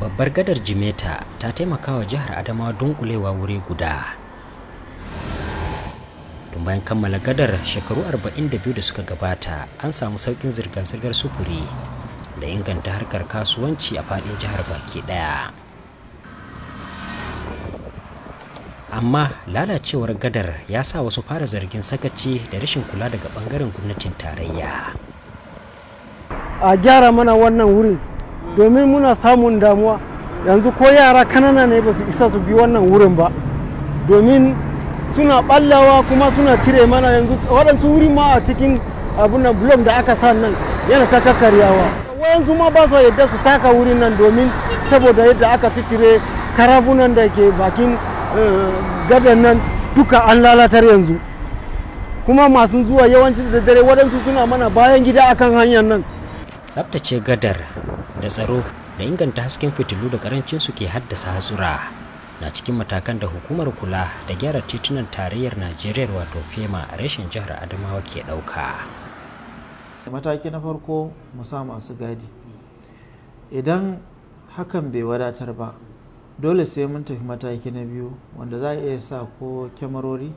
babbar gadar jimeta ta taimaka wa jihar adamawa dunkulewa wuri guda tun bayan kammala gadar shekaru 42 da suka gabata an samu saukin zirga-zirgar sufuri da inganta harkar kasuwanci a faɗin jihar baki ɗaya amma lalacewar gadar ya sa wasu fara zargin sakaci da rashin kula daga ɓangaren gwamnatin tarayya a gyara mana wannan wurin domin muna samun damuwa yanzu ko yara kanana ne ba su isa su bi wannan wurin ba domin suna ballawa kuma suna cire mana yanzu waɗansu wuri ma a cikin abin nan blom da aka sa nan yana ta kakaryawa wayansu ma ba su yadda su taka wurin nan domin saboda yadda aka cire karafunan da ke bakin eh, gadan nan duka an lalatar yanzu kuma masu zuwa yawancin da dare waɗansu suna mana bayan gida akan hanyar nan tsabtace gadar da tsaro da inganta hasken fitilu da karancinsu ke haddasa hatsura na cikin matakan da hukumar kula da gyara titunan tarayyar najeriya wato fema rashin jihar adamawa ke ɗauka mataki na farko musa masu gadi idan hakan bai wadatar ba dole sai mun tafi mataki na biyu wanda za a iya sa ko kyamarori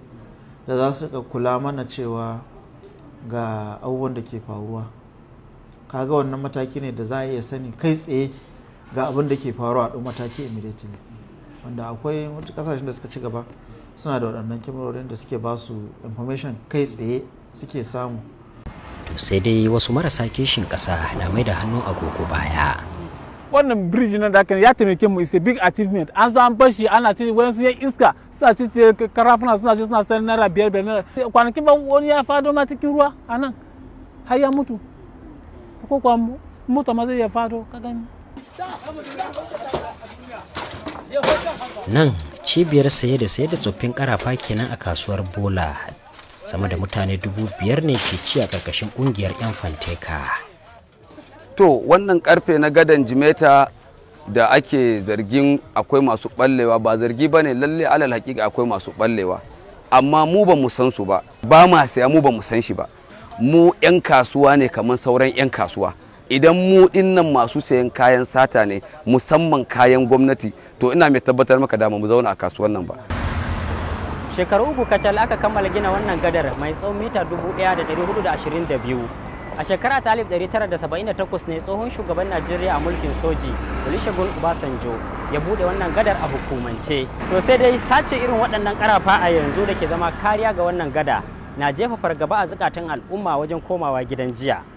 da za su kula mana cewa ga abubuwan da ke faruwa kaga wannan mataki ne da za a iya sani kai tsaye ga abin da ke faruwa a mataki immediately wanda akwai kasashen da suka ci gaba suna da waɗannan kimarorin da suke ba su information kai tsaye suke samu to sai dai wasu marasa kishin ƙasa na mai da hannu agogo baya wannan bridge na da ya taimake mu is a big achievement an san bashi ana ce su yan iska suna ci karafuna suna ci suna san naira biyar biyar naira kwanakin ba wani ya fado ma cikin ruwa a nan har ya mutu nan cibiyar saye da saye da tsoffin karafa kenan a kasuwar bola sama da mutane dubu biyar ne ke ci a karkashin kungiyar 'yan fanteka to wannan karfe na gadon jimeta da ake zargin akwai masu ballewa ba zargi ba ne lalle alal hakika akwai masu ballewa amma mu ba mu san su ba ba ma saya mu ba mu san shi ba mu 'yan kasuwa ne kamar sauran 'yan kasuwa idan mu dinnan masu sayan kayan sata ne musamman kayan gwamnati to ina mai tabbatar maka da mu zauna a kasuwan nan ba shekaru uku kacal aka kammala gina wannan gadar mai tsawon mita 1422 a shekara ta 1978 ne tsohon shugaban najeriya a mulkin soji olusegun obasanjo ya bude wannan gadar a hukumance to sai dai sace irin waɗannan karafa a yanzu da ke zama kariya ga wannan gada na jefa fargaba a zukatan al'umma wajen komawa gidan jiya